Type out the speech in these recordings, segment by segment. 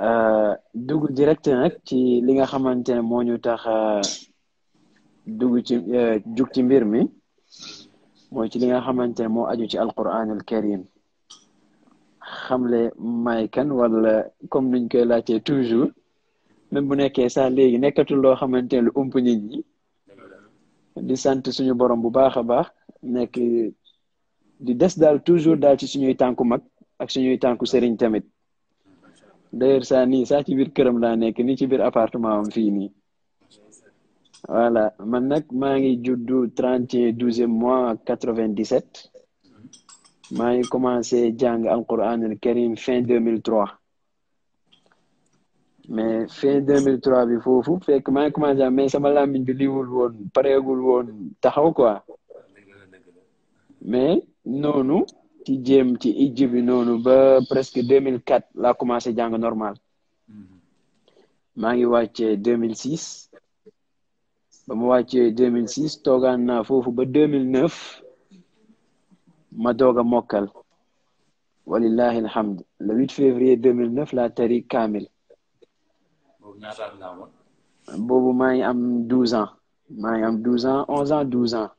Euh, dugg direct nag ci li nga xamante ne moo ñu tax euh, dugg ci euh, jug ci mbir mi mooy ci li nga xamante ne moo aju ci alquran al karim xamle may kan wala comme nuñ koy laajtee toujours même bu nekkee sax léegi nekkatul loo xamante ne lu ump nit ñi di sant suñu borom bu baax a baax nekk di des daal toujours daal ci suñuy tànku mag ak suñuy tànku seriñ tamit de saa ni saa ci biir këram laa nekk nii ci biir appartement am fii nii voilà man nag maa ngi juddu trente et douzième mois quatre-vingt-dix-sept maa ngi commencé jàng alquran al karim fin deux mille trois mais fin deux mille trois bi foofu fekk maa ngi commencé mais sama làmmiñ bi liwul woon pareegul woon taxaw quoi mais noonu ci jéem ci ijji bi noonu ba presque deux mille quatre la commencé jàng normal mm-hmm. maa ngi wàccee deux mille six ba ma wàccee deux mille six toogaan naa foofu ba deux mille neuf ma doog a mokkal walillahi alhamd le huit février deux mille neuf laa tari kaamil boobu maa am douze ans maa ngi am douze ans onze ans douze ans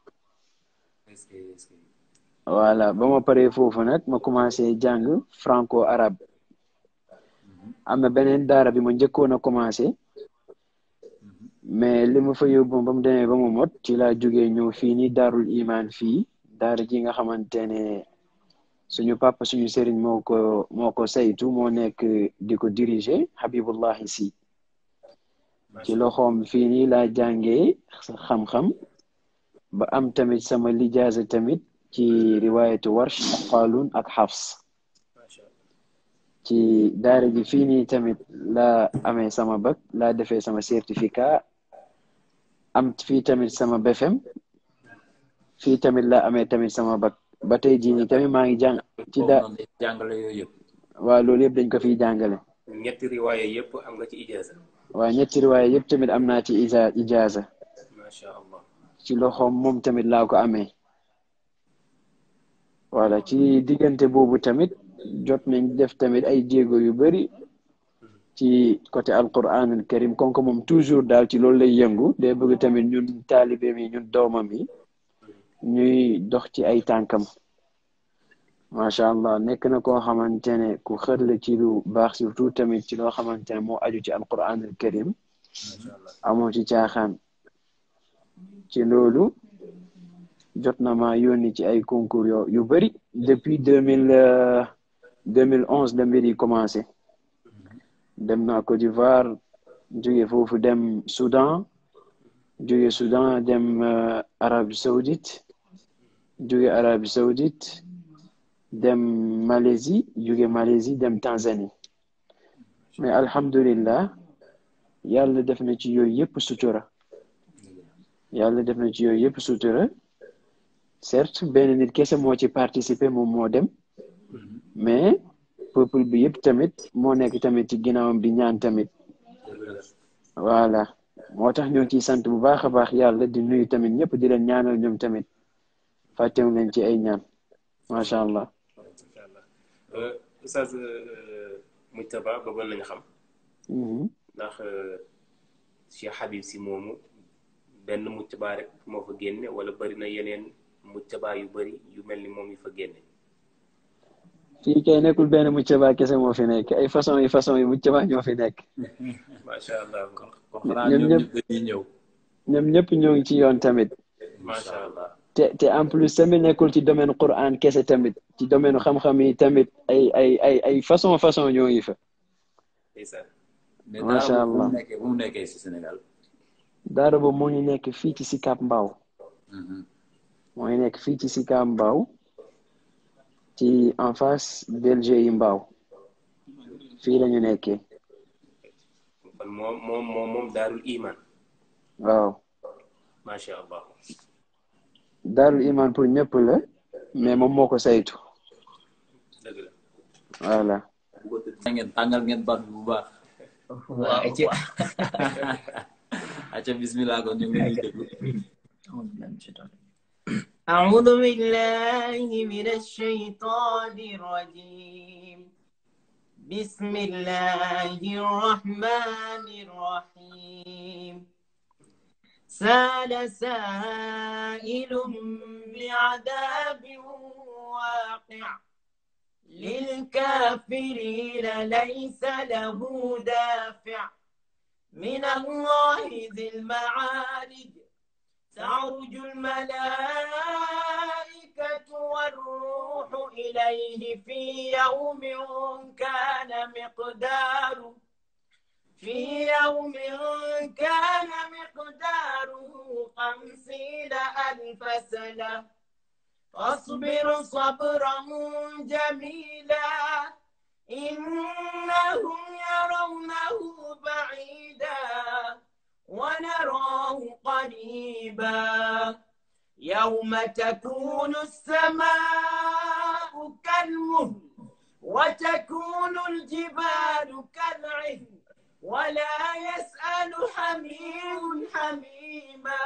voilà bama ma paree foofu nag ma commencé jàng franco arab am na beneen daara bi ma njëkkoon a commencé mais li ma fa yóbbu ba mu demee ba mu mot ci laa jógee ñëw fii ni daarul imaan fii daara ji nga xamante ne suñu papa suñu sëriñ mo ko moo ko saytu moo nekk di ko diriger Habibullahi si ci loxoom fii nii laa jàngee xam-xam ba am tamit sama lijaasa tamit ci riwaayatu warsh ak ak xafs ci daara ji fii nii tamit laa ame sama bac laa defee sama certificat am fii tamit sama BFEM fii tamit laa ame tamit sama bac ba tey jii nii tamit maa ngi jàng jàngale yooyu yëpp loolu yëpp dañ ko fiy jàngale ñetti riwaaya yëpp ñetti riwaaya yëpp tamit am naa ci ijaaza macha ci loxoom moom tamit laa ko amee voilà ci diggante boobu tamit jot nañ def tamit ay jéego yu bëri ci côté alquranul karim kon moom toujours daal ci loolu lay yëngu day bëgg tamit ñun taalibeem yi ñun doomam yi ñuy dox ci ay tànkam macha allah nekk na koo xamante ne ku xër ci lu baax surtout tamit ci loo xamante ne moo aju ci alquranul karim amoo ci caaxaan ci loolu jot na ma yónni ci ay concours yo yu bëri depuis deux mille euh, deux mille onze la mbir yi commencé dem naa Côte d'Ivoire juge foofu dem Soudan juge Soudan dem euh, Arabie Saoudite jóge Arabie Saoudite dem Malaisie jóge Malaisie dem Tanzanie mais alhamdulillah yàlla def na ci yooyu yëpp sutura yàlla def na ci yooyu yëpp sutura certes benn nit kese moo ci participer moom moo dem mais peuple bi yëpp tamit moo nekk tamit ci ginnaawam di ñaan tamit voilà moo tax ñoo ciy sant bu baax a baax yàlla di nuyu tamit ñëpp di leen ñaanal ñoom tamit fàttewu leen ci ay ñaan macha allah. macha allah Oustaz euh, Moujtaba bëggoon nañu xam. Mhm. ndax euh, Cheikh si moomu benn Moujtaba rek moo fa génne wala bari na yeneen. muccabaa yu bëri yu mel ni moom yi fa génne. kay nekkul benn muccabaa kese moo fi nekk ay façon yi façon yi muccabaa ñoo fi nekk. macha allah kon ñëpp ñëw. ñoom ñëpp ñoo ngi ci yoon tamit. macha allah te en plus tamit nekkul ci domaine Qur'an kese tamit ci domaine xam-xam yi tamit ay ay ay ay façon façon ñoo ngi fa. macha allah daara bu mu si Sénégal. daara bu ngi nekk fii ci Sicap Mbao. Mm-hmm. mooy nekk fii ci Sika Mbao ci en face Belge yi Mbao fii la ñu moom moom moom moom Daarul Iman. waaw. macha Iman pour ñëpp la. mais moom moo ko saytu. dëgg la. voilà. ngeen tàngal ngeen baat bu kon ñu ngi leen di أعوذ بالله من الشيطان الرجيم بسم الله الرحمن الرحيم سال سائل بعذاب واقع للكافرين ليس له دافع من الله ذي المعارج تعرج الملائكة والروح إليه في يوم كان مقداره في يوم كان مقداره خمسين ألف سنة فاصبر صبرا جميلا إنهم يرونه بعيدا ونراه قريبا يوم تكون السماء كالمهل وتكون الجبال كالعهن ولا يسأل حميم حميما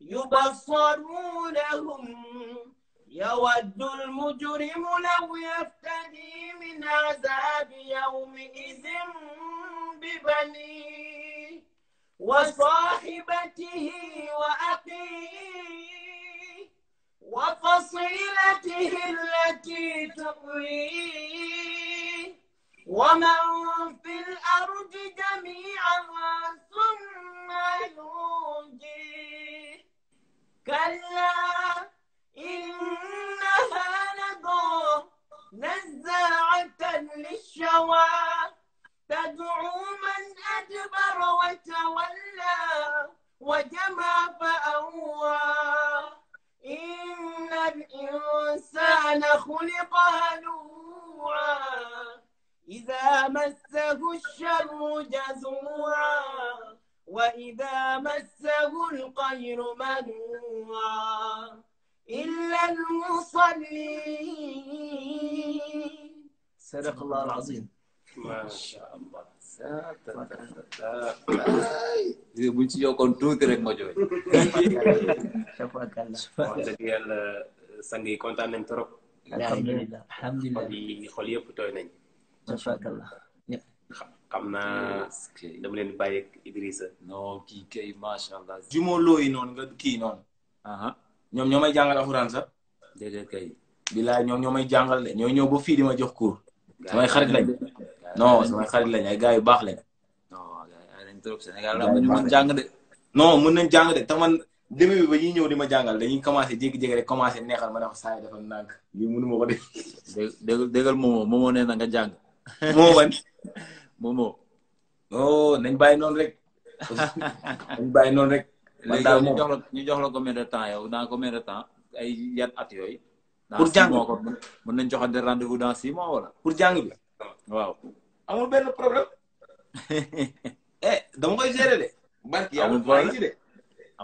يبصرونهم يود المجرم لو يفتدي من عذاب يومئذ ببنيه وصاحبته وأخيه وفصيلته التي تؤويه ومن في الأرض جميعا ثم ينجيه كلا إنها لظى نزاعة للشوى خلق هلوعا إذا مسه الشر جزوعا وإذا مسه الخير منوعا إلا المصلين صدق الله العظيم ما شاء الله buñ ci yokkoon tuuti rek ma jooy. wax dëgg yàlla sang yi kontaan nañ trop. alhamdulilah alhamdulilah yi yëpp tooy nañ macha allah ñëpp xam leen bàyyi ak Idrissa kii kay macha allah jumoo looyi noonu nga kii noon noonu ñoom ñoo may jàngal alxuraan sax déedéet kay bilaay ñoom ñoo may jàngal de ñoo ñëw ba fii di ma jox cours samay xarit lañ non samay xarit lañ ay gars yu baax le non trop Sénégal de taman début bi ba ñuy ñëw di ma jàngal dañuy commencé jékki-jékki rek commencé neexal ma ne ko saa yi dafa nànk lii mënu ko def. dé dégal Momo Momo nee na nga jàng. Momo man. Momo. oh nañ bàyyi noonu rek. nañ bàyyi noonu rek. man daal la ñu jox la combien de yow dans combien de yan at yooyu. pour jàng dans six mois kon mën nañ joxante rendez-vous dans six mois wala. pour jàng bi. waaw. amul benn problème. eh dama koy gérer de. barki yàlla maa de.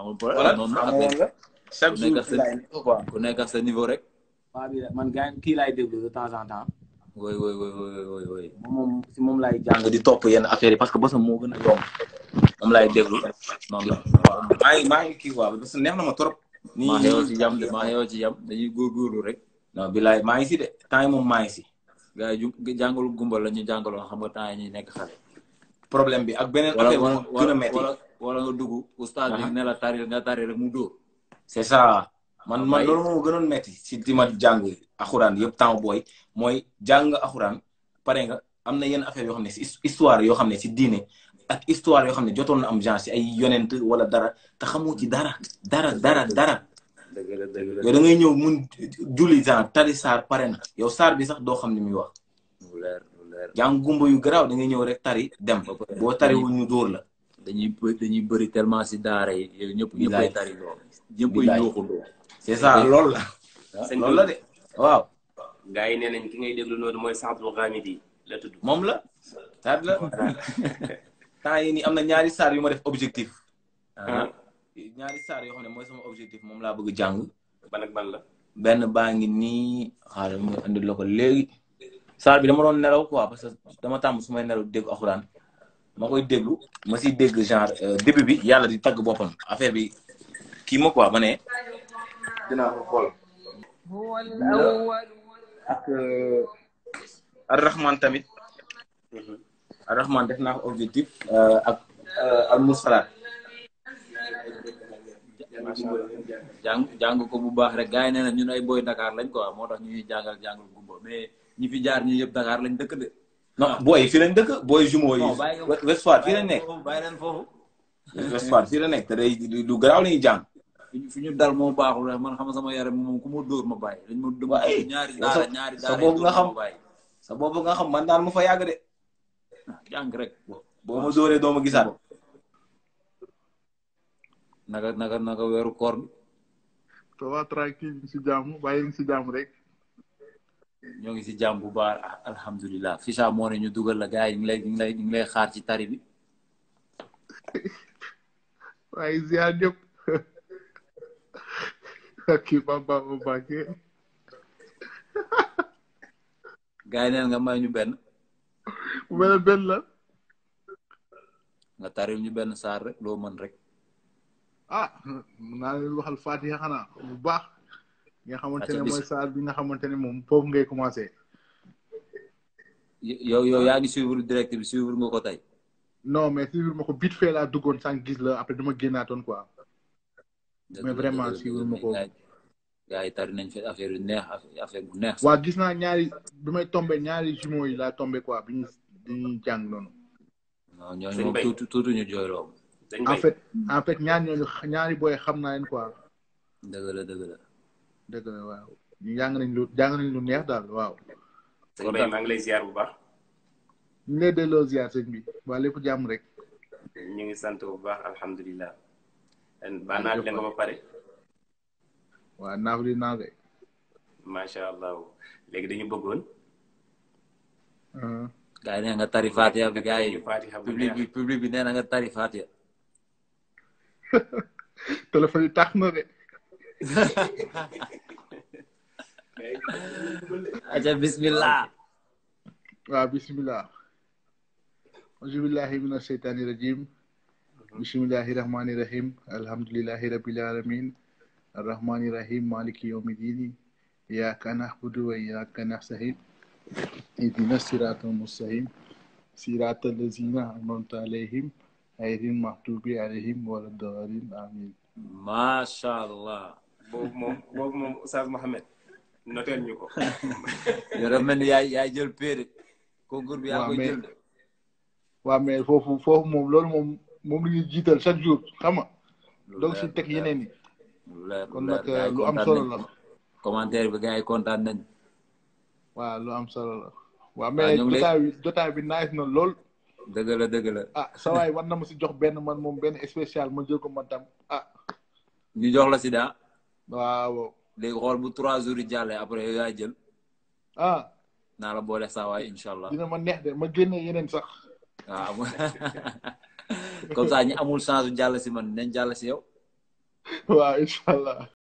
amul problème noonu la chaque jour nekk quoi ku nekk rek. bi man gars kii laay déglu de temps en temps. oui moom si moom laay jàng di topp yenn affaire yi parce que bosam moo gën a yomb. laay déglu. noonu la waaw maa ngi kii quoi parce que neex na ma trop. nii maa maa ngi ci jàmm dañuy góorgóorlu rek. non bilaay maa ngi si de temps yi maa ngi si. gars yi la ñu jàngaloon xam nga ñuy nekk xale. problème bi ak beneen affaire wala nga dugg oustaz bi ne la tari nga tari rek mu dóor c'est ça man man loolu moo gënoon metti si dima ma jàng axuraan yëpp temps booy mooy jàng axuraan pare nga am na yenn affaire yoo xam ne si histoire yoo xam ne si diine ak histoire yoo xam ne jotoon na am genre si ay yonent wala dara te xamoo ci dara dara dara dara yow da ngay ñëw mun julli genre tari saar pare na yow saar bi sax doo xam ni muy wax jàng gumba yu garaaw da ngay ñëw rek tari dem boo tariwul ñu dóor la dañuy dañuy bëri tellement si daara yi yooyu ñëpp ñëppay tari loolu ñëppay ñooxundoo c'est ça loolu la ah, la waaw gars yi nee nañ ki ngay déglu noonu mooy Saadul Ghamidi la tudd moom la saat la temps yi nii am na ñaari saar yu ma def objectif ah. Ah. ñaari saar yoo xam ne mooy sama objectif moom laa bëgg jàng ban ak la benn baa ngi nii xaaral ma andi la ko léegi saar bi dama doon nelaw quoi parce que dama tàmm su may nelaw dégg alxuraan ma koy déglu ma siy dégg genre euh, début bi yàlla di tagg boppam affaire bi kii ma quoi ma ne. dinaa ko xool. ak euh, Arrahman tamit. Mhm. Arrahman def naa objectif. Euh, ak almursalaat. jàng jàng ko bu baax rek gars yi nee na ñun ay boy Dakar lañ quoi moo tax ñu ñuy jàngal jàngal gumba mais ñi fi jaar ñi yëpp Dakar lañ dëkk de. non ah. booy fii lañ dëkk booy jumeau yi. West Foire fii lañ nekk bàyyi leen foofu West Foire nekk day du garaaw la ñuy jàng. ñu dal moo baaxul rek man xam sama yaram moom ku ma dóor ma bàyyi. dañ ma dóor ñaari ñaari daara sa boobu nga xam sa boobu nga xam man daan ma fa yàgg de. Ah, jàng rek. boo ma dóoree doo ma gisaat. naga naka naka weeru koor bi. ça va tranquille si jàmm si jàmm rek. ñoo ngi si jàmm bu baax alhamdulilah Ficha moo ne ñu dugal la gars yi ñu ngi lay ñu ngi lay xaar ci tari bi. waaye ziar ñëpp. kii Bamba Mbacké. gars yi neen nga may ñu benn. wala benn la. nga taril ñu benn saar rek loo mën rek. ah mën naa leen waxal Fatiha xanaa bu baax. nga xamante ne mooy saal bi nga xamante ne moom foofu ngay commencé. yow yow yaa ngi suivre direct bi suivre nga ko tey. mais suivre ma ko vite la duggoon sànq gis la après dama génnaatoon quoi. mais vraiment suivre ma ko. gaa yi tari nañ fi affaire yu neex affaire bu neex. waa gis naa ñaari bi may tombe ñaari jumeaux yi laa tombe quoi bi ñu bi ñu jàng noonu. non ñooñu moom ñu jooyloo. en fait ñaar ñooñu ñaari booy xam naa leen quoi. dëgg la dëgg la waaw ñu jàng nañ lu jàng nañ lu neex daal waaw. sëñ bi maa lay ziar bu baax. ñu lay delloo ziar sëñ bi waa lépp jàmm rek. ñu ngi sant bu baax alhamdulilah. ba pare. waaw naaf li naaf rek. macha allah léegi dañu bëggoon. Uh-huh. gaa yi nee nga tari Fatiha bi gaa yi public bi public bi nee na nga tari Fatiha. aja bismillah waaw bismillah auzubillahi min asheytaani rajim bismillahi rahmaani rahim alhamdulillahi rabbil alamin arrahmaani rahim maliki yawmi diini iyyaka na'budu wa iyyaka nasta'in ihdina siratal mustaqim siratal lazina an'amta alayhim ghayril maghdubi alayhim waladdaalliin amin masha allah boobu moom boobu moom Oustaz Mohamed noteel ñu ko. yow dafa mel ni yaay yaay jël péere. concours bi yaa mais foofu foofu moom lool moom moom la ñuy jiital chaque jour xam nga. donc si teg yeneen yi. commentaire bi gars yi kontaan nañ waaw lu am solo la. waaw mais jotaay bi jotaay bi nice na lool. dëgg la dëgg la. ah sa waay na ma si jox benn man moom benn spécial ma jël ko man tam ah. ñu jox la si waaw. léegi xool bu trois jours yi jàllee après yow yaay jël. ah. naa la boole saa waay incha allah. dina ma neex de ma génne yeneen sax. waaw comme ça ñi amul change jàll si man dinañ jàll si yow. waaw